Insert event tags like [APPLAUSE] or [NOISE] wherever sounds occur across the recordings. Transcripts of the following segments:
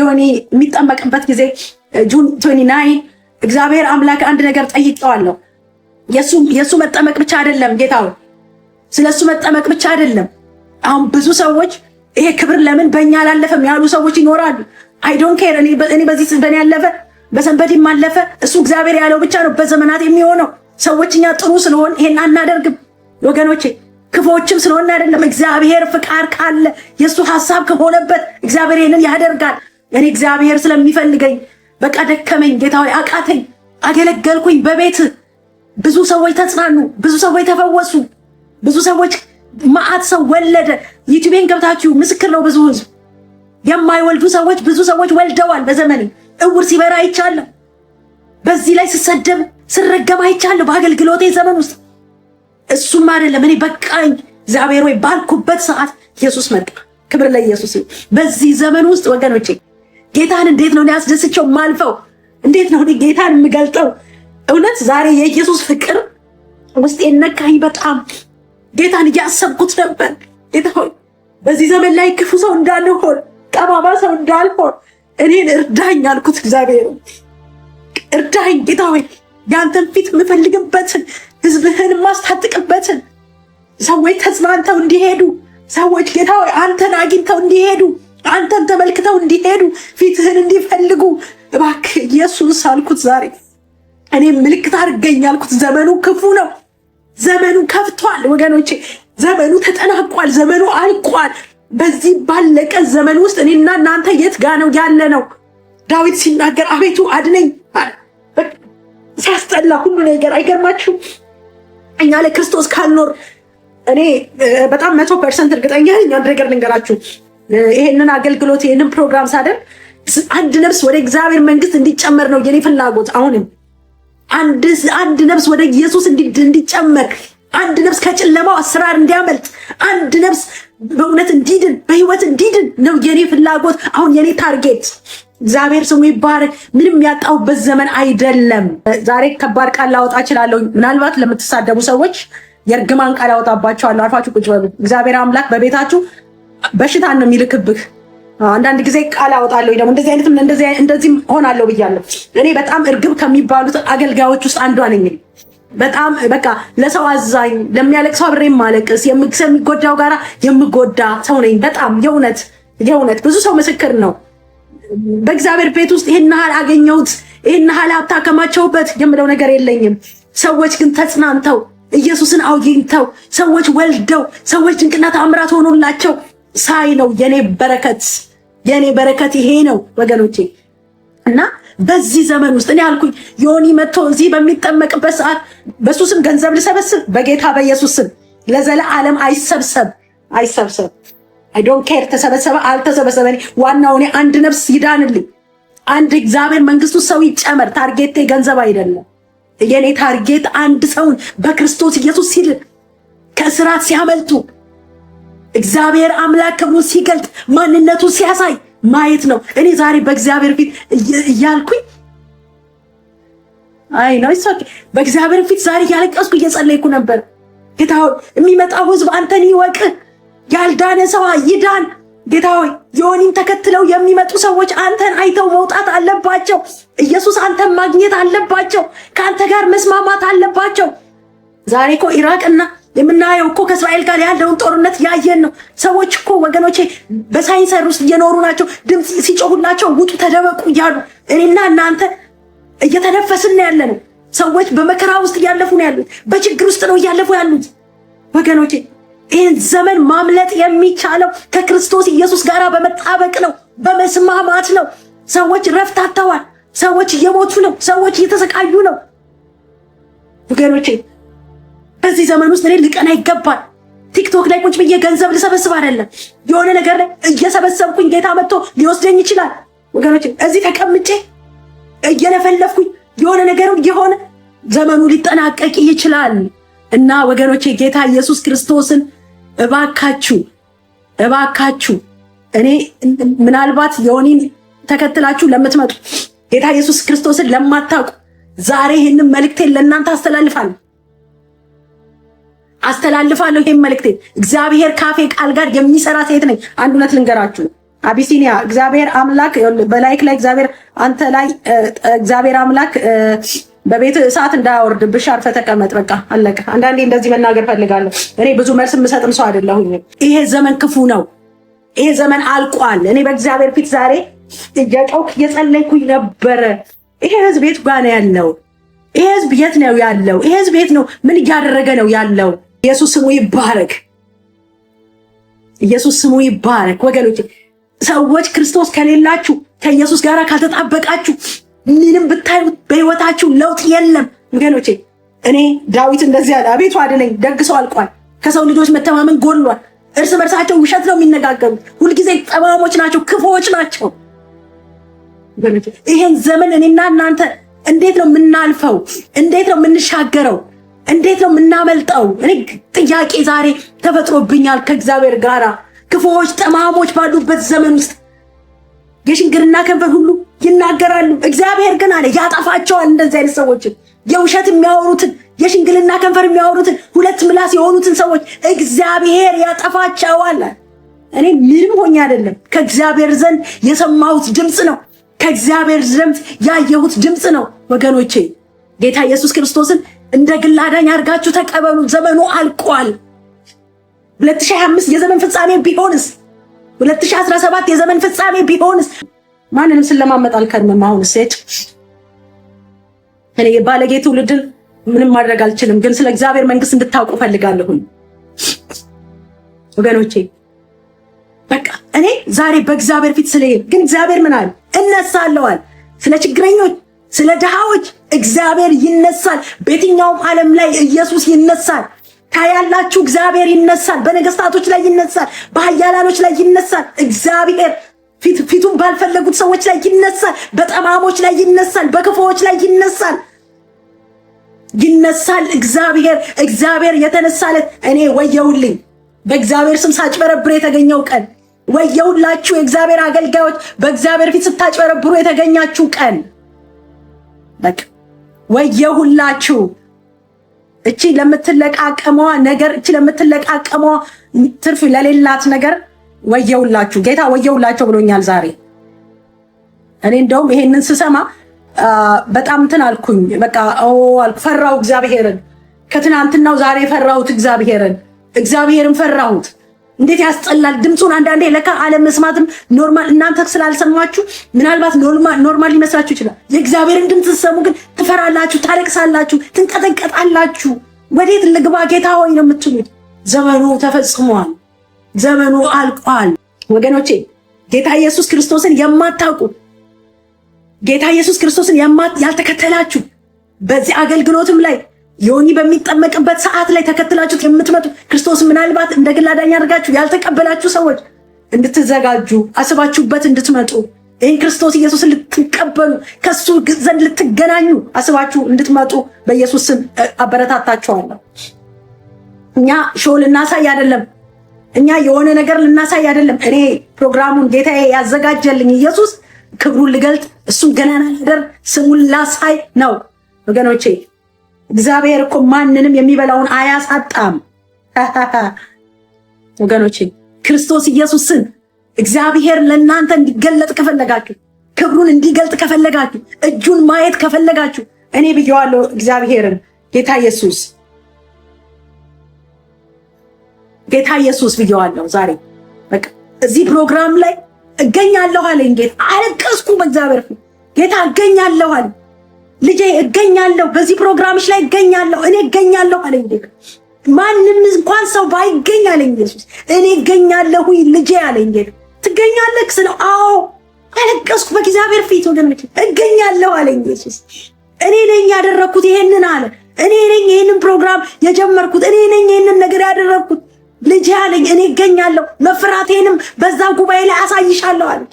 የሆነ የሚጠመቅበት ጊዜ ጁን 29 እግዚአብሔር አምላክ አንድ ነገር ጠይቄዋለሁ። የእሱ መጠመቅ ብቻ አይደለም ጌታ ስለ እሱ መጠመቅ ብቻ አይደለም። አሁን ብዙ ሰዎች ይሄ ክብር ለምን በእኛ አላለፈም ያሉ ሰዎች ይኖራሉ። አይዶን ኬር እኔ በዚህ በእኔ ያለፈ በሰንበዲም አለፈ። እሱ እግዚአብሔር ያለው ብቻ ነው በዘመናት የሚሆነው። ሰዎች እኛ ጥሩ ስለሆን ይሄን አናደርግም ወገኖቼ፣ ክፎችም ስለሆን አይደለም። እግዚአብሔር ፍቃድ ካለ የእሱ ሀሳብ ከሆነበት እግዚአብሔር ይህንን ያደርጋል። እኔ እግዚአብሔር ስለሚፈልገኝ በቃ ደከመኝ፣ ጌታ ሆይ አቃተኝ፣ አገለገልኩኝ። በቤት ብዙ ሰዎች ተጽናኑ፣ ብዙ ሰዎች ተፈወሱ፣ ብዙ ሰዎች መዓት ሰው ወለደ። ዩቲቤን ገብታችሁ ምስክር ነው። ብዙ ህዝብ የማይወልዱ ሰዎች ብዙ ሰዎች ወልደዋል። በዘመኔ እውር ሲበራ አይቻለሁ። በዚህ ላይ ስሰደብ ስረገም አይቻለሁ። በአገልግሎቴ ዘመን ውስጥ እሱም አይደለም እኔ በቃኝ እግዚአብሔር ወይ ባልኩበት ሰዓት ኢየሱስ መጣ። ክብር ለኢየሱስ። በዚህ ዘመን ውስጥ ወገኖቼ ጌታን እንዴት ነው ያስደስቸው ማልፈው? እንዴት ነው ጌታን የምገልጠው? እውነት ዛሬ የኢየሱስ ፍቅር ውስጤን ነካኝ። በጣም ጌታን እያሰብኩት ነበር። ጌታ ሆይ በዚህ ዘመን ላይ ክፉ ሰው እንዳልሆን፣ ጠማማ ሰው እንዳልሆን እኔን እርዳኝ አልኩት። እግዚአብሔር እርዳኝ ጌታ ሆይ ያንተን ፊት የምፈልግበትን ህዝብህን የማስታጥቅበትን ሰዎች ተጽናንተው እንዲሄዱ ሰዎች ጌታ ሆይ አንተን አግኝተው እንዲሄዱ አንተን ተመልክተው እንዲሄዱ ፊትህን እንዲፈልጉ እባክህ ኢየሱስ አልኩት። ዛሬ እኔ ምልክት አድርገኝ አልኩት። ዘመኑ ክፉ ነው። ዘመኑ ከፍቷል ወገኖቼ። ዘመኑ ተጠናቋል። ዘመኑ አልቋል። በዚህ ባለቀ ዘመን ውስጥ እኔና እናንተ የት ጋ ነው ያለ ነው? ዳዊት ሲናገር አቤቱ አድነኝ ሲያስጠላ ሁሉ ነገር አይገርማችሁ? እኛ ለክርስቶስ ካልኖር እኔ በጣም መቶ ፐርሰንት እርግጠኛ አንድ ነገር ልንገራችሁ ይሄንን አገልግሎት ይሄንን ፕሮግራም ሳደር አንድ ነፍስ ወደ እግዚአብሔር መንግስት እንዲጨመር ነው የኔ ፍላጎት። አሁንም አንድ ነፍስ ወደ ኢየሱስ እንዲጨመር፣ አንድ ነፍስ ከጨለማው አሰራር እንዲያመልጥ፣ አንድ ነፍስ በእውነት እንዲድን፣ በህይወት እንዲድን ነው የኔ ፍላጎት። አሁን የኔ ታርጌት እግዚአብሔር ስሙ ይባረክ። ምንም ያጣሁበት ዘመን አይደለም። ዛሬ ከባድ ቃል ላወጣ እችላለሁ። ምናልባት ለምትሳደቡ ሰዎች የእርግማን ቃል ያወጣባቸዋለሁ። አርፋችሁ ቁጭ በሉ። እግዚአብሔር አምላክ በቤታችሁ በሽታን ነው የሚልክብህ። አንዳንድ ጊዜ ቃል አወጣለሁ ደግሞ እንደዚህ አይነትም እንደዚህም ሆናለሁ ብያለሁ። እኔ በጣም እርግብ ከሚባሉት አገልጋዮች ውስጥ አንዷ ነኝ። በጣም በቃ ለሰው አዛኝ፣ ለሚያለቅሰው አብሬ ማለቅስ፣ የሚጎዳው ጋር የምጎዳ ሰው ነኝ። በጣም የእውነት የእውነት ብዙ ሰው ምስክር ነው። በእግዚአብሔር ቤት ውስጥ ይህን ያህል አገኘሁት፣ ይህን ያህል አብታከማቸውበት የምለው ነገር የለኝም። ሰዎች ግን ተጽናንተው ኢየሱስን አውግኝተው ሰዎች ወልደው ሰዎች ድንቅና ተአምራት ሆኖላቸው ሳይ ነው የኔ በረከት፣ የኔ በረከት ይሄ ነው ወገኖቼ። እና በዚህ ዘመን ውስጥ እኔ አልኩኝ ዮኒ መጥቶ እዚህ በሚጠመቅበት ሰዓት በሱ ስም ገንዘብ ልሰበስብ፣ በጌታ በኢየሱስ ስም ዓለም አይሰብሰብ፣ አይሰብሰብ። አይ ዶንት ኬር ተሰበሰበ አልተሰበሰበ፣ ዋናው እኔ አንድ ነፍስ ይዳንልኝ፣ አንድ እግዚአብሔር መንግስቱ ሰው ይጨመር። ታርጌቴ ገንዘብ አይደለም። የኔ ታርጌት አንድ ሰውን በክርስቶስ ኢየሱስ ሲል ከስራት ሲያመልጡ እግዚአብሔር አምላክ ክብሩን ሲገልጥ ማንነቱ ሲያሳይ ማየት ነው። እኔ ዛሬ በእግዚአብሔር ፊት እያልኩኝ አይ ነው በእግዚአብሔር ፊት ዛሬ እያለቀስኩ እየጸለይኩ ነበር። ጌታ ሆይ የሚመጣው ህዝብ አንተን ይወቅ፣ ያልዳነ ሰው ይዳን። ጌታ ሆይ ዮኒን ተከትለው የሚመጡ ሰዎች አንተን አይተው መውጣት አለባቸው። ኢየሱስ አንተን ማግኘት አለባቸው። ከአንተ ጋር መስማማት አለባቸው። ዛሬ እኮ ኢራቅና የምናየው እኮ ከእስራኤል ጋር ያለውን ጦርነት ያየን ነው። ሰዎች እኮ ወገኖቼ በሳይንሰር ውስጥ እየኖሩ ናቸው። ድምፅ ሲጮሁላቸው ውጡ ተደበቁ እያሉ እኔና እናንተ እየተነፈስን ያለ ነው። ሰዎች በመከራ ውስጥ እያለፉ ነው ያሉት። በችግር ውስጥ ነው እያለፉ ያሉት ወገኖቼ። ይህን ዘመን ማምለጥ የሚቻለው ከክርስቶስ ኢየሱስ ጋር በመጣበቅ ነው፣ በመስማማት ነው። ሰዎች ረፍት አጥተዋል። ሰዎች እየሞቱ ነው። ሰዎች እየተሰቃዩ ነው ወገኖቼ። በዚህ ዘመን ውስጥ እኔ ልቀና ይገባል። ቲክቶክ ላይ ቁጭ ብዬ ገንዘብ ልሰበስብ አይደለም፣ የሆነ ነገር ላይ እየሰበሰብኩኝ ጌታ መጥቶ ሊወስደኝ ይችላል። ወገኖች እዚህ ተቀምጬ እየለፈለፍኩኝ የሆነ ነገር የሆነ ዘመኑ ሊጠናቀቅ ይችላል እና ወገኖቼ ጌታ ኢየሱስ ክርስቶስን እባካችሁ እባካችሁ እኔ ምናልባት የሆኔን ተከትላችሁ ለምትመጡ ጌታ ኢየሱስ ክርስቶስን ለማታውቁ ዛሬ ይህንን መልእክቴን ለእናንተ አስተላልፋለሁ። አስተላልፋለሁ ይሄን መልእክቴ። እግዚአብሔር ካፌ ቃል ጋር የሚሰራ ሴት ነኝ። አንድ እውነት ልንገራችሁ አቢሲኒያ እግዚአብሔር አምላክ በላይክ ላይ እግዚአብሔር አንተ ላይ እግዚአብሔር አምላክ በቤት እሳት እንዳያወርድብሽ አርፈህ ተቀመጥ። በቃ አለቀ። አንዳንዴ እንደዚህ መናገር ፈልጋለሁ። እኔ ብዙ መልስ የምሰጥም ሰው አይደለሁኝም። ይሄ ዘመን ክፉ ነው። ይሄ ዘመን አልቋል። እኔ በእግዚአብሔር ፊት ዛሬ እየጮክ እየጸለይኩኝ ነበረ። ይሄ ህዝብ የት ጋ ነው ያለው? ይሄ ህዝብ የት ነው ያለው? ይሄ ህዝብ የት ነው ምን እያደረገ ነው ያለው? ኢየሱስ ስሙ ይባረክ። ኢየሱስ ስሙ ይባረክ። ወገኖች ሰዎች ክርስቶስ ከሌላችሁ ከኢየሱስ ጋር ካልተጣበቃችሁ ምንም ብታዩት በህይወታችሁ ለውጥ የለም። ወገኖቼ እኔ ዳዊት እንደዚህ አለ፣ አቤቱ አድነኝ፣ ደግ ሰው አልቋል፣ ከሰው ልጆች መተማመን ጎድሏል፣ እርስ በርሳቸው ውሸት ነው የሚነጋገሩት፣ ሁልጊዜ ጠማሞች ናቸው፣ ክፉዎች ናቸው። ይሄን ዘመን እኔና እናንተ እንዴት ነው የምናልፈው? እንዴት ነው የምንሻገረው? እንዴት ነው የምናመልጠው? እኔ ጥያቄ ዛሬ ተፈጥሮብኛል ከእግዚአብሔር ጋር ክፉዎች ጠማሞች ባሉበት ዘመን ውስጥ የሽንግርና ከንፈር ሁሉ ይናገራሉ። እግዚአብሔር ግን አለ ያጠፋቸዋል። እንደዚህ አይነት ሰዎችን የውሸት የሚያወሩትን የሽንግልና ከንፈር የሚያወሩትን ሁለት ምላስ የሆኑትን ሰዎች እግዚአብሔር ያጠፋቸዋል። እኔ ምንም ሆኜ አይደለም፣ ከእግዚአብሔር ዘንድ የሰማሁት ድምፅ ነው። ከእግዚአብሔር ዘንድ ያየሁት ድምፅ ነው። ወገኖቼ ጌታ ኢየሱስ ክርስቶስን እንደ ግል አዳኝ አድርጋችሁ ተቀበሉ። ዘመኑ አልቋል። 2025 የዘመን ፍጻሜ ቢሆንስ? 2017 የዘመን ፍጻሜ ቢሆንስ? ማንንም ስለማመጥ አልከርምም። አሁን ሴት እኔ የባለጌ ትውልድን ምንም ማድረግ አልችልም፣ ግን ስለ እግዚአብሔር መንግስት እንድታውቁ ፈልጋለሁኝ ወገኖቼ። በቃ እኔ ዛሬ በእግዚአብሔር ፊት ስለሄድ ግን እግዚአብሔር ምን አለ? እነሳለዋል ስለ ችግረኞች ስለ ድሃዎች እግዚአብሔር ይነሳል። በየትኛውም ዓለም ላይ ኢየሱስ ይነሳል። ታያላችሁ። እግዚአብሔር ይነሳል። በነገስታቶች ላይ ይነሳል። በኃያላኖች ላይ ይነሳል። እግዚአብሔር ፊቱን ባልፈለጉት ሰዎች ላይ ይነሳል። በጠማሞች ላይ ይነሳል። በክፉዎች ላይ ይነሳል። ይነሳል። እግዚአብሔር እግዚአብሔር የተነሳለት እኔ ወየውልኝ። በእግዚአብሔር ስም ሳጭበረብር የተገኘው ቀን ወየውላችሁ። የእግዚአብሔር አገልጋዮች በእግዚአብሔር ፊት ስታጭበረብሩ የተገኛችሁ ቀን በቃ ወየሁላችሁ እቺ ለምትለቃቀመዋ ነገር እቺ ለምትለቃቀመዋ ትርፍ ለሌላት ነገር ወየሁላችሁ። ጌታ ወየውላቸው ብሎኛል ዛሬ። እኔ እንደውም ይሄንን ስሰማ በጣም እንትን አልኩኝ። በቃ ፈራው እግዚአብሔርን። ከትናንትናው ዛሬ ፈራሁት እግዚአብሔርን፣ እግዚአብሔርን ፈራሁት። እንዴት ያስጠላል! ድምፁን አንዳንዴ ለካ አለመስማትም ኖርማል። እናንተ ስላልሰማችሁ ምናልባት ኖርማል ሊመስላችሁ ይችላል። የእግዚአብሔርን ድምፅ ስትሰሙ ግን ትፈራላችሁ፣ ታለቅሳላችሁ፣ ትንቀጠቀጣላችሁ። ወዴት ልግባ ጌታ ሆይ ነው የምትሉት። ዘመኑ ተፈጽሟል፣ ዘመኑ አልቋል። ወገኖቼ ጌታ ኢየሱስ ክርስቶስን የማታውቁ ጌታ ኢየሱስ ክርስቶስን ያልተከተላችሁ በዚህ አገልግሎትም ላይ ዮኒ በሚጠመቅበት ሰዓት ላይ ተከትላችሁት የምትመጡ ክርስቶስ ምናልባት እንደ ግል አዳኝ አድርጋችሁ ያልተቀበላችሁ ሰዎች እንድትዘጋጁ አስባችሁበት እንድትመጡ ይህን ክርስቶስ ኢየሱስን ልትቀበሉ ከሱ ዘንድ ልትገናኙ አስባችሁ እንድትመጡ በኢየሱስ ስም አበረታታችኋለሁ። እኛ ሾው ልናሳይ አይደለም። እኛ የሆነ ነገር ልናሳይ አይደለም። እኔ ፕሮግራሙን ጌታዬ ያዘጋጀልኝ ኢየሱስ ክብሩን ልገልጥ እሱን ገናና ነገር ስሙን ላሳይ ነው ወገኖቼ። እግዚአብሔር እኮ ማንንም የሚበላውን አያሳጣም። [LAUGHS] ወገኖቼ ክርስቶስ ኢየሱስን እግዚአብሔር ለእናንተ እንዲገለጥ ከፈለጋችሁ፣ ክብሩን እንዲገልጥ ከፈለጋችሁ፣ እጁን ማየት ከፈለጋችሁ እኔ ብየዋለሁ እግዚአብሔርን ጌታ ኢየሱስ ጌታ ኢየሱስ ብየዋለሁ። ዛሬ በቃ እዚህ ፕሮግራም ላይ እገኛለሁ አለኝ ጌታ። አለቀስኩ በእግዚአብሔር ፊት ጌታ እገኛለሁ አለኝ። ልጄ እገኛለሁ፣ በዚህ ፕሮግራምሽ ላይ እገኛለሁ፣ እኔ እገኛለሁ አለኝ። ማንም እንኳን ሰው ባይገኝ አለኝ ኢየሱስ፣ እኔ እገኛለሁ ልጄ አለኝ። ትገኛለህ ስለው አዎ አለቀስኩ በእግዚአብሔር ፊት ወገን፣ እገኛለሁ አለኝ ኢየሱስ። እኔ ነኝ ያደረግኩት ይሄንን አለ። እኔ ነኝ ይሄንን ፕሮግራም የጀመርኩት፣ እኔ ነኝ ይሄንን ነገር ያደረግኩት ልጄ አለኝ። እኔ እገኛለሁ፣ መፍራቴንም በዛ ጉባኤ ላይ አሳይሻለሁ አለኝ።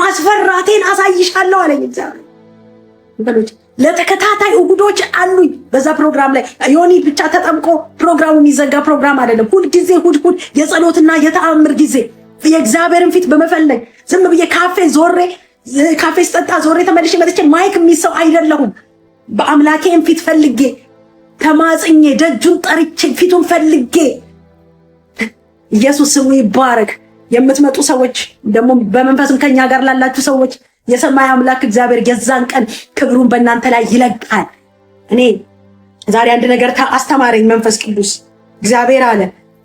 ማስፈራቴን አሳይሻለሁ አለኝ እግዚአብሔር ለተከታታይ እሁዶች አሉኝ በዛ ፕሮግራም ላይ ዮኒ ብቻ ተጠምቆ ፕሮግራሙ የሚዘጋ ፕሮግራም አይደለም። ሁልጊዜ ሁድ ሁድ የጸሎትና የተአምር ጊዜ የእግዚአብሔርን ፊት በመፈለግ ዝም ብዬ ካፌ ዞሬ ካፌ ስጠጣ ዞሬ ተመልሼ መጥቼ ማይክ የሚሰው አይደለሁም። በአምላኬን ፊት ፈልጌ ተማጽኜ ደጁን ጠርቼ ፊቱን ፈልጌ ኢየሱስ ስሙ ይባረክ። የምትመጡ ሰዎች ደግሞ በመንፈስም ከኛ ጋር ላላችሁ ሰዎች የሰማይ አምላክ እግዚአብሔር የዛን ቀን ክብሩን በእናንተ ላይ ይለቃል። እኔ ዛሬ አንድ ነገር አስተማረኝ መንፈስ ቅዱስ። እግዚአብሔር አለ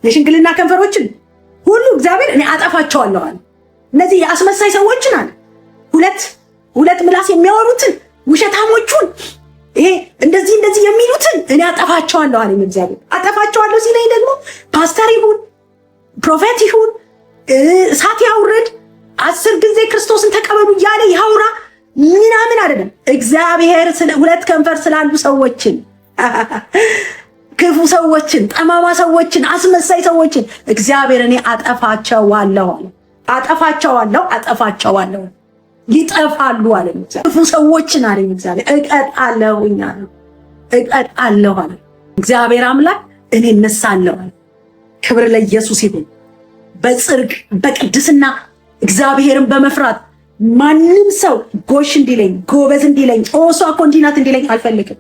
የሽንግልና ከንፈሮችን ሁሉ እግዚአብሔር እኔ አጠፋቸዋለሁ አለ። እነዚህ የአስመሳይ ሰዎችን አለ ሁለት ሁለት ምላስ የሚያወሩትን ውሸታሞቹን ይሄ እንደዚህ እንደዚህ የሚሉትን እኔ አጠፋቸዋለሁ አለኝ እግዚአብሔር። አጠፋቸዋለሁ ሲለኝ ደግሞ ፓስተር ይሁን ፕሮፌት ይሁን እሳት ያውርድ አስር ጊዜ ክርስቶስን ተቀበሉ እያለ ያውራ ምናምን አይደለም። እግዚአብሔር ሁለት ከንፈር ስላሉ ሰዎችን ክፉ ሰዎችን፣ ጠማማ ሰዎችን፣ አስመሳይ ሰዎችን እግዚአብሔር እኔ አጠፋቸዋለሁ አለ። አጠፋቸዋለሁ አጠፋቸዋለሁ ይጠፋሉ አለ። ክፉ ሰዎችን አለ እግዚአብሔር እቀጣለሁኝ አለ እቀጣለሁ አለ። እግዚአብሔር አምላክ እኔ እነሳለሁ አለ። ክብር ለኢየሱስ ይሁን። በጽድቅ በቅድስና እግዚአብሔርን በመፍራት ማንም ሰው ጎሽ እንዲለኝ ጎበዝ እንዲለኝ ኦሷ ኮንቲናት እንዲለኝ አልፈልግም።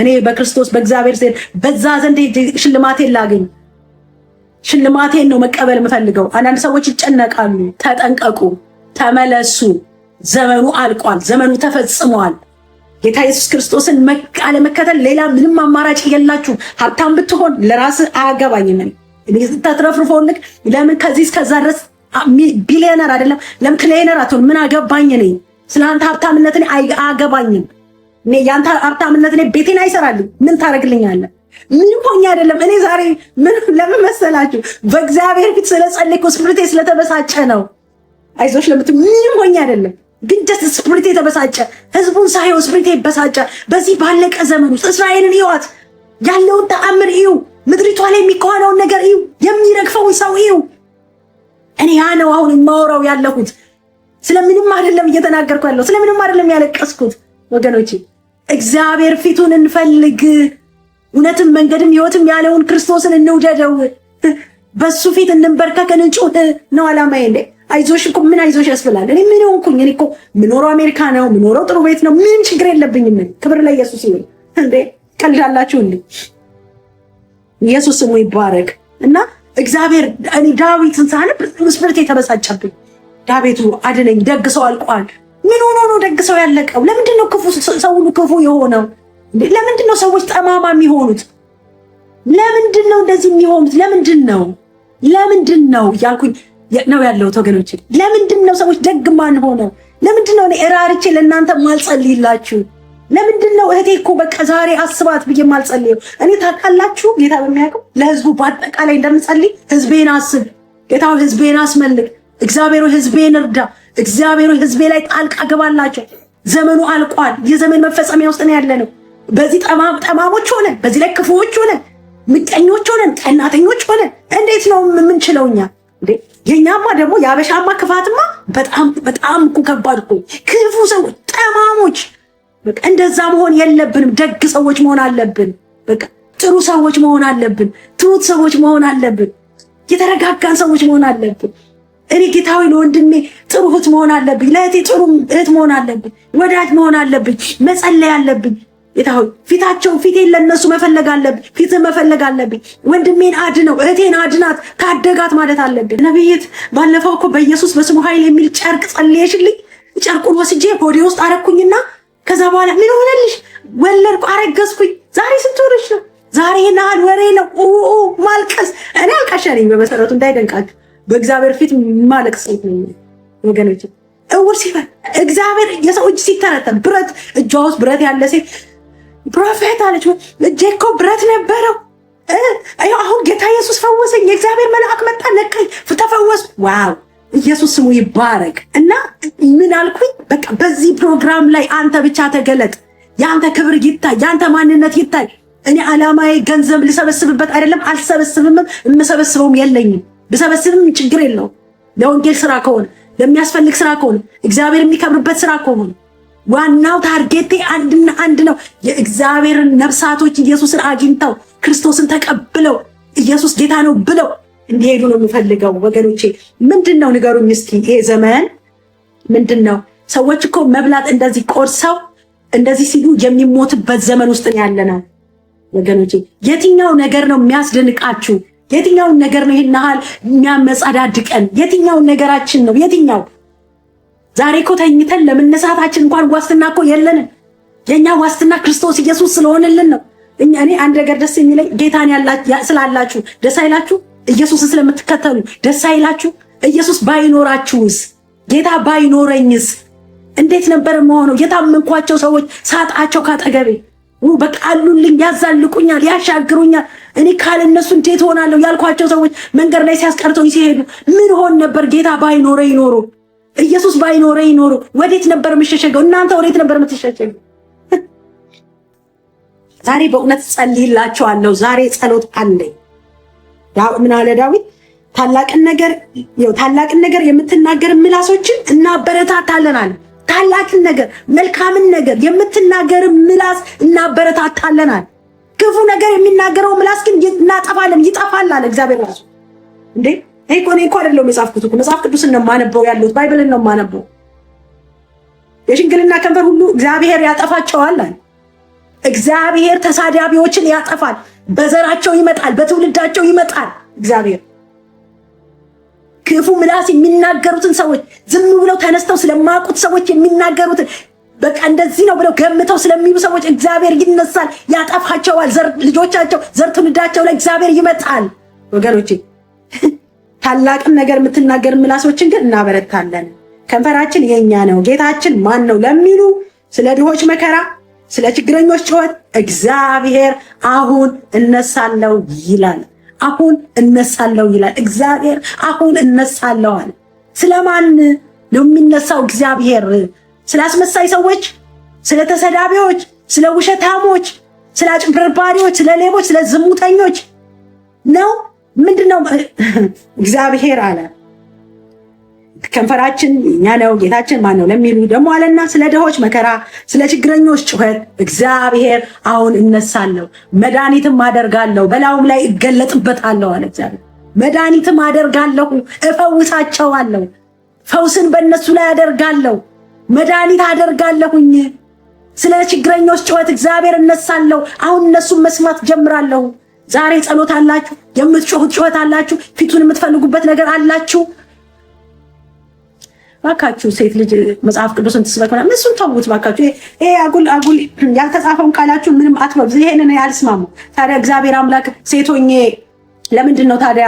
እኔ በክርስቶስ በእግዚአብሔር ዘንድ በዛ ዘንድ ሽልማቴን ላገኝ ሽልማቴን ነው መቀበል የምፈልገው። አንዳንድ ሰዎች ይጨነቃሉ። ተጠንቀቁ፣ ተመለሱ። ዘመኑ አልቋል። ዘመኑ ተፈጽሟል። ጌታ ኢየሱስ ክርስቶስን አለመከተል ሌላ ምንም አማራጭ የላችሁ። ሀብታም ብትሆን ለራስ አያገባኝም። ተትረፍርፎ ለምን ከዚህ እስከዛ ድረስ ቢሊዮነር አይደለም ለምትለየነር አትሆን። ምን አገባኝ ነኝ ስለ አንተ ሀብታምነት አገባኝም። እኔ የአንተ ሀብታምነት እኔ ቤቴን አይሰራልኝ። ምን ታደርግልኛለህ? ምን ሆኜ አይደለም እኔ ዛሬ ምን ለምን መሰላችሁ? በእግዚአብሔር ፊት ስለጸለይኩ ስፕሪቴ ስለተበሳጨ ነው። አይዞች ለምት ምንም ሆኜ አይደለም ግን ደስ ስፕሪቴ ተበሳጨ። ህዝቡን ሳየው ስፕሪቴ ይበሳጨ። በዚህ ባለቀ ዘመን ውስጥ እስራኤልን እዩዋት፣ ያለውን ተአምር እዩ፣ ምድሪቷ ላይ የሚከሆነውን ነገር እዩ፣ የሚረግፈውን ሰው እዩ። እኔ ያ ነው አሁን የማወራው ያለሁት። ስለምንም አይደለም እየተናገርኩ ያለው ስለምንም አይደለም ያለቀስኩት። ወገኖች እግዚአብሔር ፊቱን እንፈልግ፣ እውነትም መንገድም ህይወትም ያለውን ክርስቶስን እንውደደው፣ በሱ ፊት እንንበርከክ፣ እንጩህ ነው ዓላማዬ። እንዴ አይዞሽ እኮ ምን አይዞሽ ያስብላል። እኔ ምን ሆንኩኝ? እኔ እኮ ምኖረው አሜሪካ ነው፣ ምኖረው ጥሩ ቤት ነው፣ ምን ችግር የለብኝም። ክብር ላይ ኢየሱስ ይሁን። እንዴ ቀልዳላችሁ እንዴ? ኢየሱስ ስሙ ይባረክ እና እግዚአብሔር እኔ ዳዊትን ሳነብ ስምርት የተበሳጨብኝ። ዳቤቱ አድነኝ፣ ደግ ሰው አልቋል። ምን ሆኖ ነው ደግ ሰው ያለቀው? ለምንድን ነው ክፉ ሰው ሁሉ ክፉ የሆነው? ለምንድን ነው ሰዎች ጠማማ የሚሆኑት? ለምንድን ነው እንደዚህ የሚሆኑት? ለምንድን ነው ለምንድን ነው እያልኩኝ ነው ያለሁት ወገኖችን። ለምንድን ነው ሰዎች ደግ ማን ሆነው? ለምንድን ነው እኔ እራርቼ ለእናንተ ማልጸልይላችሁ? ለምንድን ነው እህቴ እኮ በቃ ዛሬ አስባት ብዬ የማልጸልየው? እኔ ታውቃላችሁ፣ ጌታ በሚያውቀው ለህዝቡ በአጠቃላይ እንደምጸልይ ህዝቤን አስብ፣ ጌታ ህዝቤን አስመልክ፣ እግዚአብሔሩ ህዝቤን እርዳ፣ እግዚአብሔሩ ህዝቤ ላይ ጣልቃ ገባላቸው። ዘመኑ አልቋል። የዘመን መፈጸሚያ ውስጥ ነው ያለ ነው። በዚህ ጠማሞች ሆነን፣ በዚህ ላይ ክፉዎች ሆነን፣ ምቀኞች ሆነን፣ ቀናተኞች ሆነን እንዴት ነው የምንችለው እኛ ደግሞ የአበሻማ ክፋትማ በጣም በጣም ከባድ እኮ ክፉ ሰዎች ጠማሞች በቃ እንደዛ መሆን የለብንም። ደግ ሰዎች መሆን አለብን። በቃ ጥሩ ሰዎች መሆን አለብን። ትሁት ሰዎች መሆን አለብን። የተረጋጋን ሰዎች መሆን አለብን። እኔ ጌታዊ ለወንድሜ ጥሩ እህት መሆን አለብኝ። ለእህቴ ጥሩ እህት መሆን አለብኝ። ወዳጅ መሆን አለብኝ። መጸለይ አለብኝ። ጌታዊ ፊታቸው ፊቴን ለነሱ መፈለግ አለብኝ። ፊትን መፈለግ አለብኝ። ወንድሜን አድነው፣ እህቴን አድናት፣ ታደጋት ማለት አለብን። ነቢይት ባለፈው እኮ በኢየሱስ በስሙ ኃይል የሚል ጨርቅ ጸልየሽልኝ ጨርቁን ወስጄ ሆዴ ውስጥ አረኩኝና ከዛ በኋላ ምን ሆነልሽ? ወለድኩ፣ አረገዝኩኝ። ዛሬ ስንት ሆነሽ ነው? ዛሬ ናህል ወሬ ነው ማልቀስ። እኔ አልቃሻ ነኝ በመሰረቱ እንዳይደንቃችሁ፣ በእግዚአብሔር ፊት ማለቅ ሴት ነኝ ወገኖች። እውር ሲባል እግዚአብሔር የሰው እጅ ሲተረተን ብረት እጇ ውስጥ ብረት ያለ ሴት ፕሮፌት አለች። እጄ እኮ ብረት ነበረው አሁን ጌታ ኢየሱስ ፈወሰኝ። የእግዚአብሔር መልአክ መጣ ነካኝ፣ ተፈወስኩ። ዋው ኢየሱስ ስሙ ይባረግ እና ምን አልኩኝ? በቃ በዚህ ፕሮግራም ላይ አንተ ብቻ ተገለጥ፣ የአንተ ክብር ይታይ፣ የአንተ ማንነት ይታይ። እኔ አላማዬ ገንዘብ ልሰበስብበት አይደለም፣ አልሰበስብም የምሰበስበውም የለኝም። ብሰበስብም ችግር የለው ለወንጌል ስራ ከሆነ ለሚያስፈልግ ስራ ከሆነ እግዚአብሔር የሚከብርበት ስራ ከሆነ ዋናው ታርጌቴ አንድና አንድ ነው። የእግዚአብሔርን ነፍሳቶች ኢየሱስን አግኝተው ክርስቶስን ተቀብለው ኢየሱስ ጌታ ነው ብለው እንዲሄዱ ነው የምፈልገው። ወገኖቼ ምንድን ነው ንገሩኝ እስኪ። ይሄ ዘመን ምንድን ነው? ሰዎች እኮ መብላት እንደዚህ ቆርሰው እንደዚህ ሲሉ የሚሞትበት ዘመን ውስጥ ያለ ነው ወገኖቼ። የትኛው ነገር ነው የሚያስደንቃችሁ? የትኛውን ነገር ነው ይህን ያህል የሚያመጻዳድቀን? የትኛውን ነገራችን ነው? የትኛው ዛሬ እኮ ተኝተን ለመነሳታችን እንኳን ዋስትና እኮ የለንም። የእኛ ዋስትና ክርስቶስ ኢየሱስ ስለሆነልን ነው። እኔ አንድ ነገር ደስ የሚለኝ ጌታን ስላላችሁ ደስ አይላችሁ? ኢየሱስን ስለምትከተሉ ደስ አይላችሁ? ኢየሱስ ባይኖራችሁስ? ጌታ ባይኖረኝስ እንዴት ነበር መሆነው? የታመንኳቸው ሰዎች ሳጣቸው ካጠገቤ በቃ ያዛልቁኛል፣ ያሻግሩኛል። እኔ ካልነሱ እንዴት ሆናለሁ ያልኳቸው ሰዎች መንገድ ላይ ሲያስቀርተውኝ ሲሄዱ ምን ሆን ነበር ጌታ ባይኖረ ይኖሩ ኢየሱስ ባይኖረ ይኖሩ ወዴት ነበር የምሸሸገው? እናንተ ወዴት ነበር የምትሸሸገው? ዛሬ በእውነት ጸልይላቸዋለሁ። ዛሬ ጸሎት አለኝ። ምን አለ ዳዊት? ታላቅን ነገር ታላቅን ነገር የምትናገር ምላሶችን እናበረታታለን ታላቅን ነገር መልካምን ነገር የምትናገር ምላስ እናበረታታለን ክፉ ነገር የሚናገረው ምላስ ግን እናጠፋለን፣ ይጠፋል አለ እግዚአብሔር ራሱ። እንዴ ይሄ እኔ እኮ አይደለሁም የጻፍኩት እኮ መጽሐፍ ቅዱስን ነው የማነበው ያለሁት፣ ባይብልን ነው የማነበው። የሽንግልና ከንፈር ሁሉ እግዚአብሔር ያጠፋቸዋል አለ። እግዚአብሔር ተሳዳቢዎችን ያጠፋል። በዘራቸው ይመጣል፣ በትውልዳቸው ይመጣል። እግዚአብሔር ክፉ ምላስ የሚናገሩትን ሰዎች ዝም ብለው ተነስተው ስለማያውቁት ሰዎች የሚናገሩትን በቃ እንደዚህ ነው ብለው ገምተው ስለሚሉ ሰዎች እግዚአብሔር ይነሳል፣ ያጠፋቸዋል። ዘር ልጆቻቸው፣ ዘር ትውልዳቸው ላይ እግዚአብሔር ይመጣል። ወገኖቼ ታላቅም ነገር የምትናገር ምላሶችን ግን እናበረታለን። ከንፈራችን የኛ ነው ጌታችን ማን ነው ለሚሉ ስለ ድሆች መከራ ስለ ችግረኞች ጩኸት እግዚአብሔር አሁን እነሳለው ይላል። አሁን እነሳለው ይላል። እግዚአብሔር አሁን እነሳለው አለ። ስለማን ነው የሚነሳው? እግዚአብሔር ስለ አስመሳይ ሰዎች፣ ስለ ተሰዳቢዎች፣ ስለ ውሸታሞች፣ ስለ አጭበርባሪዎች፣ ስለ ሌቦች፣ ስለ ዝሙተኞች ነው። ምንድነው? [LAUGHS] እግዚአብሔር አለ ከንፈራችን እኛ ነው ጌታችን ማን ነው ለሚሉ ደግሞ አለና ስለ ድሆች መከራ፣ ስለ ችግረኞች ጩኸት እግዚአብሔር አሁን እነሳለሁ፣ መድኃኒትም አደርጋለሁ፣ በላዩም ላይ እገለጥበታለሁ አለ እግዚአብሔር። መድኃኒትም አደርጋለሁ፣ እፈውሳቸዋለሁ፣ ፈውስን በእነሱ ላይ አደርጋለሁ፣ መድኃኒት አደርጋለሁኝ። ስለ ችግረኞች ጩኸት እግዚአብሔር እነሳለሁ፣ አሁን እነሱን መስማት ጀምራለሁ። ዛሬ ጸሎት አላችሁ፣ የምትጮሁት ጩኸት አላችሁ፣ ፊቱን የምትፈልጉበት ነገር አላችሁ። ባካችሁ ሴት ልጅ መጽሐፍ ቅዱስን ትስበክ ምናምን እሱን ተውት ባካችሁ። ይሄ አጉል አጉል ያልተጻፈውን ቃላችሁ ምንም አትበብ። ይሄንን ያልስማሙ ታዲያ እግዚአብሔር አምላክ ሴቶኜ ለምንድን ነው ታዲያ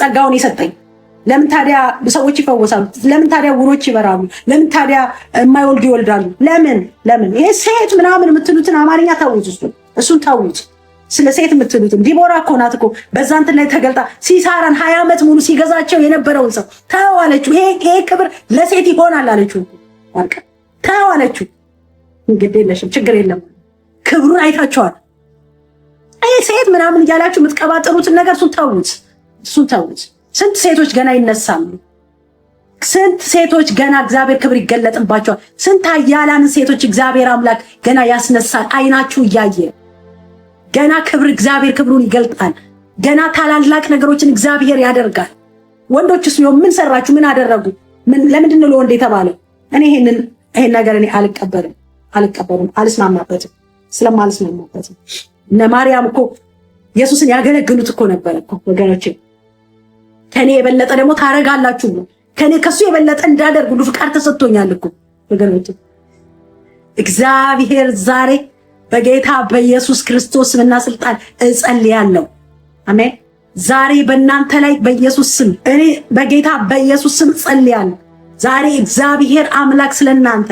ጸጋውን የሰጠኝ? ለምን ታዲያ ሰዎች ይፈወሳሉ? ለምን ታዲያ ውሮች ይበራሉ? ለምን ታዲያ የማይወልዱ ይወልዳሉ? ለምን ለምን ይሄ ሴት ምናምን የምትሉትን አማርኛ ተውት። እሱን ተውት። ስለ ሴት የምትሉትም ዲቦራ እኮ ናት እኮ በዛ እንትን ላይ ተገልጣ ሲሳራን ሀያ ዓመት ሙሉ ሲገዛቸው የነበረውን ሰው ተው አለችው። ይሄ ክብር ለሴት ይሆናል አለችው። ተው አለችው። እንግዲህ የለሽም ችግር የለም ክብሩን አይታቸዋል። ይሄ ሴት ምናምን እያላችሁ የምትቀባጥሩትን ነገር እሱን ተውት፣ እሱን ተውት። ስንት ሴቶች ገና ይነሳሉ። ስንት ሴቶች ገና እግዚአብሔር ክብር ይገለጥባቸዋል። ስንት አያላንን ሴቶች እግዚአብሔር አምላክ ገና ያስነሳል፣ አይናችሁ እያየ ገና ክብር እግዚአብሔር ክብሩን ይገልጣል። ገና ታላላቅ ነገሮችን እግዚአብሔር ያደርጋል። ወንዶች ስ ምን ሰራችሁ? ምን አደረጉ? ለምንድን ነው ወንድ የተባለው? እኔ ይሄንን ይሄን ነገር እኔ አልቀበልም፣ አልቀበልም፣ አልስማማበትም። ስለማልስማማበትም እነ ማርያም እኮ ኢየሱስን ያገለግሉት እኮ ነበር እኮ ወገኖቼ። ከእኔ የበለጠ ደግሞ ታረጋላችሁ ነው። ከእኔ ከሱ የበለጠ እንዳደርግ ሁሉ ፍቃድ ተሰጥቶኛል እኮ ወገኖቼ። እግዚአብሔር ዛሬ በጌታ በኢየሱስ ክርስቶስ ስምና ስልጣን እጸልያለሁ። አሜን። ዛሬ በእናንተ ላይ በኢየሱስ ስም እኔ በጌታ በኢየሱስ ስም ጸልያለሁ። ዛሬ እግዚአብሔር አምላክ ስለእናንተ፣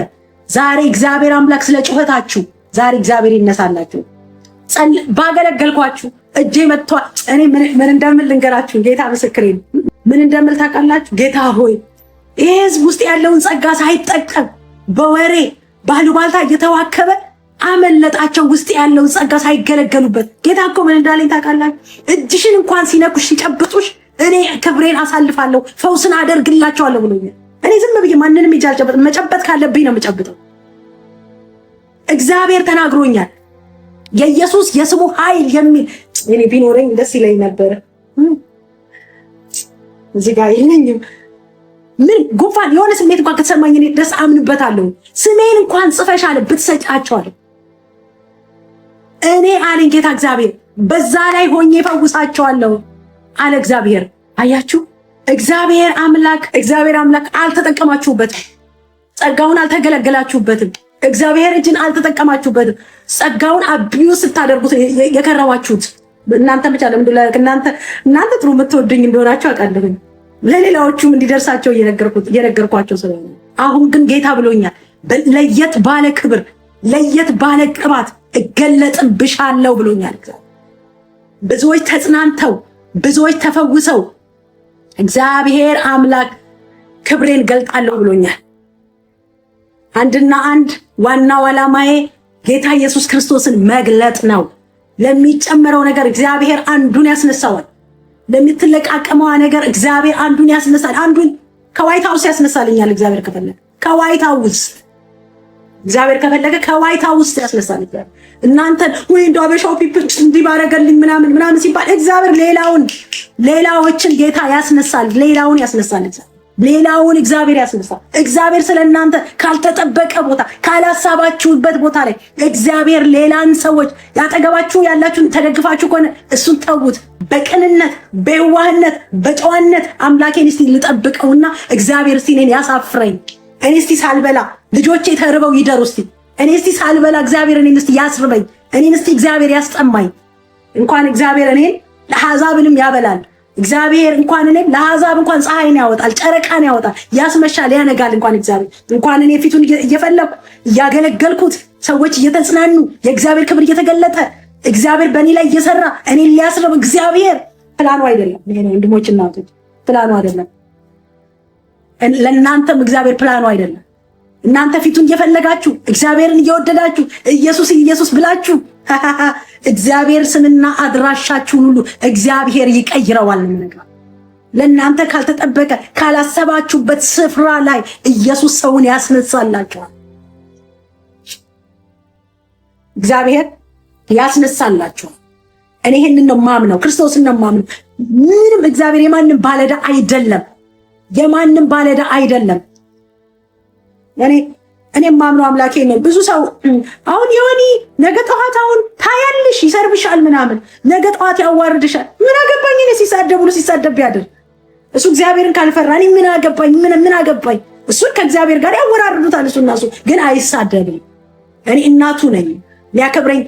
ዛሬ እግዚአብሔር አምላክ ስለ ጩኸታችሁ፣ ዛሬ እግዚአብሔር ይነሳላችሁ። ባገለገልኳችሁ እጄ መጥቷል። እኔ ምን እንደምል ልንገራችሁ። ጌታ ምስክሬ ምን እንደምል ታውቃላችሁ? ጌታ ሆይ ይህ ህዝብ ውስጥ ያለውን ጸጋ ሳይጠቀም በወሬ ባሉባልታ እየተዋከበ አመለጣቸው ውስጥ ያለውን ጸጋ ሳይገለገሉበት። ጌታ እኮ ምን እንዳለኝ ታውቃላችሁ? እጅሽን እንኳን ሲነኩሽ ሲጨብጡሽ፣ እኔ ክብሬን አሳልፋለሁ፣ ፈውስን አደርግላቸዋለሁ ብሎኛል። እኔ ዝም ብዬ ማንንም እጅ አልጨበጥም። መጨበጥ ካለብኝ ነው የምጨብጠው። እግዚአብሔር ተናግሮኛል። የኢየሱስ የስሙ ኃይል የሚል እኔ ቢኖረኝ ደስ ይለኝ ነበረ። እዚህ ጋር የለኝም። ምን ጉንፋን የሆነ ስሜት እንኳን ከተሰማኝ እኔ ደስ አምንበታለሁ። ስሜን እንኳን ጽፈሻል ብትሰጫቸዋለሁ እኔ አለኝ ጌታ እግዚአብሔር። በዛ ላይ ሆኜ ፈውሳቸዋለሁ አለ እግዚአብሔር። አያችሁ እግዚአብሔር አምላክ እግዚአብሔር አምላክ አልተጠቀማችሁበትም። ጸጋውን አልተገለገላችሁበትም። እግዚአብሔር እጅን አልተጠቀማችሁበትም። ጸጋውን አቢዩስ ስታደርጉት የከረባችሁት እናንተ ብቻ እናንተ እናንተ ጥሩ የምትወዱኝ እንደሆናቸው አውቃለሁኝ። ለሌላዎቹም እንዲደርሳቸው እየነገርኳቸው ስለሆነ አሁን ግን ጌታ ብሎኛል ለየት ባለ ክብር ለየት ባለ ቅባት እገለጥብሻለሁ ብሎኛል። ብዙዎች ተጽናንተው፣ ብዙዎች ተፈውሰው እግዚአብሔር አምላክ ክብሬን ገልጣለሁ ብሎኛል። አንድና አንድ ዋናው ዓላማዬ ጌታ ኢየሱስ ክርስቶስን መግለጥ ነው። ለሚጨመረው ነገር እግዚአብሔር አንዱን ያስነሳዋል። ለምትለቃቀመዋ ነገር እግዚአብሔር አንዱን ያስነሳል። አንዱን ከዋይት ሀውስ ያስነሳልኛል። እግዚአብሔር ከፈለገ ከዋይት ሀውስ እግዚአብሔር ከፈለገ ከዋይት ሀውስ ያስነሳል። እናንተን ወይ እንደ አበሻው ፒፕል እንዲህ ባረገልኝ ምናምን ምናምን ሲባል እግዚአብሔር ሌላውን ሌላዎችን ጌታ ያስነሳል። ሌላውን ያስነሳል። ሌላውን እግዚአብሔር ያስነሳል። እግዚአብሔር ስለ እናንተ ካልተጠበቀ ቦታ ካላሳባችሁበት ቦታ ላይ እግዚአብሔር ሌላን ሰዎች ያጠገባችሁ ያላችሁን ተደግፋችሁ ከሆነ እሱን ተዉት። በቅንነት በየዋህነት በጨዋነት አምላኬን እስቲ ልጠብቀውና እግዚአብሔር እስቲ እኔን ያሳፍረኝ እኔ እስቲ ሳልበላ ልጆቼ ተርበው ይደሩ እስቲ እኔ እስቲ ሳልበላ እግዚአብሔር እኔን እስቲ ያስርበኝ፣ እኔን እስቲ እግዚአብሔር ያስጠማኝ። እንኳን እግዚአብሔር እኔን ለአሕዛብንም ያበላል። እግዚአብሔር እንኳን እኔ ለአሕዛብ እንኳን ፀሐይን ያወጣል፣ ጨረቃን ያወጣል፣ ያስመሻል፣ ያነጋል። እንኳን እግዚአብሔር እንኳን እኔ ፊቱን እየፈለኩ እያገለገልኩት ሰዎች እየተጽናኑ የእግዚአብሔር ክብር እየተገለጠ እግዚአብሔር በእኔ ላይ እየሰራ እኔን ሊያስርብ እግዚአብሔር ፕላኑ አይደለም። ወንድሞች እናቶች ፕላኑ አይደለም። ለእናንተም እግዚአብሔር ፕላኑ አይደለም። እናንተ ፊቱን እየፈለጋችሁ እግዚአብሔርን እየወደዳችሁ ኢየሱስ ኢየሱስ ብላችሁ [LAUGHS] እግዚአብሔር ስምና አድራሻችሁን ሁሉ እግዚአብሔር ይቀይረዋል። ነገር ለእናንተ ካልተጠበቀ ካላሰባችሁበት ስፍራ ላይ ኢየሱስ ሰውን ያስነሳላችኋል። እግዚአብሔር ያስነሳላችኋል። እኔ ይህንን ነው ማምነው፣ ክርስቶስን ነው ማምነው። ምንም እግዚአብሔር የማንም ባለዕዳ አይደለም። የማንም ባለዳ አይደለም። እኔ እኔም ማምኖ አምላኬ ነኝ። ብዙ ሰው አሁን የሆኒ ነገ ጠዋት አሁን ታያልሽ ይሰርብሻል፣ ምናምን ነገ ጠዋት ያዋርድሻል። ምን አገባኝ እኔ ሲሳደብ ብሎ ሲሳደብ ያድር እሱ እግዚአብሔርን ካልፈራ እኔ ምን አገባኝ? ምን አገባኝ? እሱን ከእግዚአብሔር ጋር ያወራርዱታል። እሱ እናሱ ግን አይሳደብም። እኔ እናቱ ነኝ። ሊያከብረኝ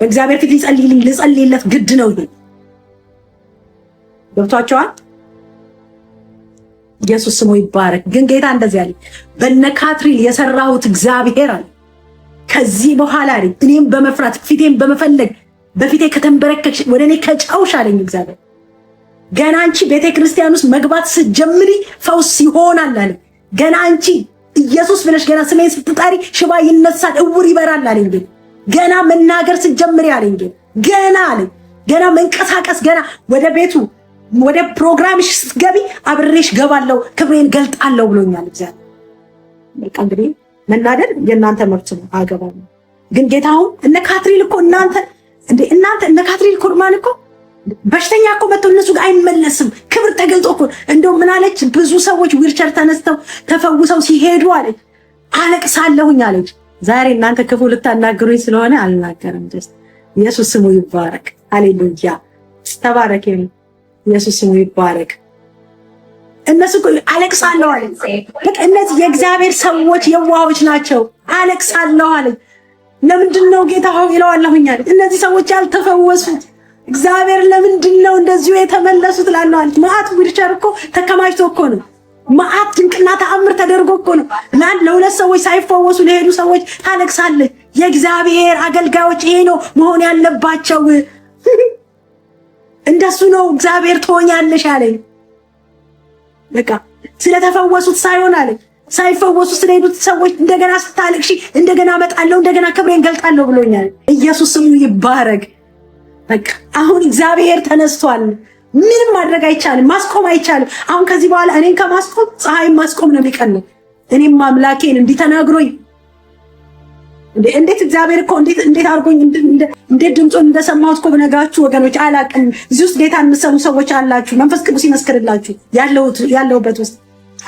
በእግዚአብሔር ፊት ሊጸልይልኝ ልጸልይለት ግድ ነው። ይሄ ገብቷቸዋል። ኢየሱስ ስሙ ይባረክ። ግን ጌታ እንደዚህ አለ፣ በነ ካትሪል የሰራሁት እግዚአብሔር አለ ከዚህ በኋላ አለ እኔም በመፍራት ፊቴም በመፈለግ በፊቴ ከተንበረከሽ ወደ እኔ ከጫውሽ አለኝ እግዚአብሔር። ገና አንቺ ቤተ ክርስቲያን ውስጥ መግባት ስትጀምሪ ፈውስ ይሆናል አለ። ገና አንቺ ኢየሱስ ብለሽ ገና ስሜን ስትጠሪ ሽባ ይነሳል፣ እውር ይበራል አለኝ። ግን ገና መናገር ስትጀምሪ አለኝ። ግን ገና አለኝ ገና መንቀሳቀስ ገና ወደ ቤቱ ወደ ፕሮግራምሽ ስትገቢ አብሬሽ ገባለው ክብሬን ገልጣለው ብሎኛል እግዚአብሔር። በቃ እንግዲህ መናደር የእናንተ መብት ነው፣ አያገባም። ግን ጌታ አሁን እነ ካትሪን እኮ እናንተ እናንተ እነ ካትሪን ኩርማን እኮ በሽተኛ እኮ መጥቶ እነሱ ጋር አይመለስም። ክብር ተገልጦ እኮ እንደው ምን አለች? ብዙ ሰዎች ዊልቸር ተነስተው ተፈውሰው ሲሄዱ አለች አለቅሳለሁኝ አለች። ዛሬ እናንተ ክፉ ልታናግሩኝ ስለሆነ አልናገርም። ደስ ኢየሱስ ስሙ ይባረክ። አሌሉያ ተባረክ። ኢየሱስ ስሙ ይባረክ። እነሱ አለቅሳለሁ አለ። በቃ እነዚህ የእግዚአብሔር ሰዎች የዋሆች ናቸው። አለቅሳለሁ አለ። ለምንድን ነው ጌታ ሆይ ይለዋለሁኝ እነዚህ ሰዎች ያልተፈወሱት እግዚአብሔር ለምንድን ነው እንደዚሁ የተመለሱት ላለዋል። አለ። መዓት ዊልቸር እኮ ተከማችቶ እኮ ነው። መዓት ድንቅና ተአምር ተደርጎ እኮ ነው። ለአንድ ለሁለት ሰዎች ሳይፈወሱ ለሄዱ ሰዎች ታለቅሳለች። የእግዚአብሔር አገልጋዮች ይሄ ነው መሆን ያለባቸው። እንደሱ ነው እግዚአብሔር ትሆኛለሽ አለኝ። በቃ ስለተፈወሱት ሳይሆን አለኝ ሳይፈወሱ ስለሄዱት ሰዎች እንደገና ስታለቅሺ እንደገና እመጣለሁ እንደገና ክብሬን ገልጣለሁ ብሎኛል። ኢየሱስ ስሙ ይባረግ። በቃ አሁን እግዚአብሔር ተነስቷል። ምንም ማድረግ አይቻልም፣ ማስቆም አይቻልም። አሁን ከዚህ በኋላ እኔን ከማስቆም ፀሐይን ማስቆም ነው የሚቀነው። እኔም አምላኬን እንዲህ ተናግሮኝ እንዴት እግዚአብሔር እኮ እንዴት እንዴት አድርጎኝ እንዴት ድምፁን እንደሰማሁት እኮ ብነግራችሁ ወገኖች አላቅም። እዚህ ውስጥ ጌታ የምትሰሙ ሰዎች አላችሁ። መንፈስ ቅዱስ ይመስክርላችሁ። ያለሁበት ውስጥ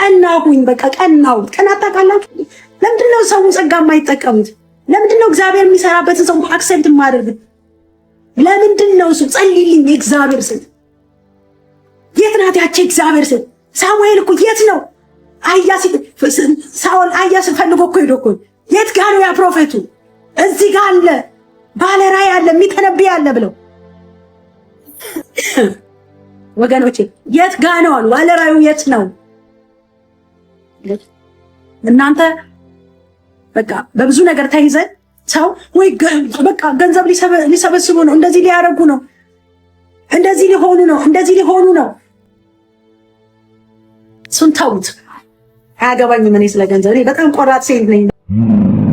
ቀናሁኝ። በቃ ቀናው ቀናት ታውቃላችሁ። ለምንድን ነው ሰው ጸጋ የማይጠቀሙት? ለምንድን ነው እግዚአብሔር የሚሰራበትን ሰው አክሰንት የማደርግት? ለምንድን ነው እሱ ጸልይልኝ። እግዚአብሔር ስል የት ናት ያቺ እግዚአብሔር ስል ሳሙኤል እኮ የት ነው አያ ሳኦል አያ ፈልጎ እኮ ሄዶ እኮ የት ጋ ነው ያ ፕሮፌቱ? እዚህ ጋ አለ፣ ባለ ራዕይ አለ፣ የሚተነብይ አለ ብለው ወገኖቼ፣ የት ጋ ነው አሉ። ባለ ራዕዩ የት ነው? እናንተ በቃ በብዙ ነገር ተይዘን ሰው ወይ በቃ ገንዘብ ሊሰበስቡ ነው፣ እንደዚህ ሊያደርጉ ነው፣ እንደዚህ ሊሆኑ ነው፣ እንደዚህ ሊሆኑ ነው። እሱን ተውት። አያገባኝም። እኔ ስለ ገንዘብ በጣም ቆራጥ ሴት ነኝ። Mm-hmm.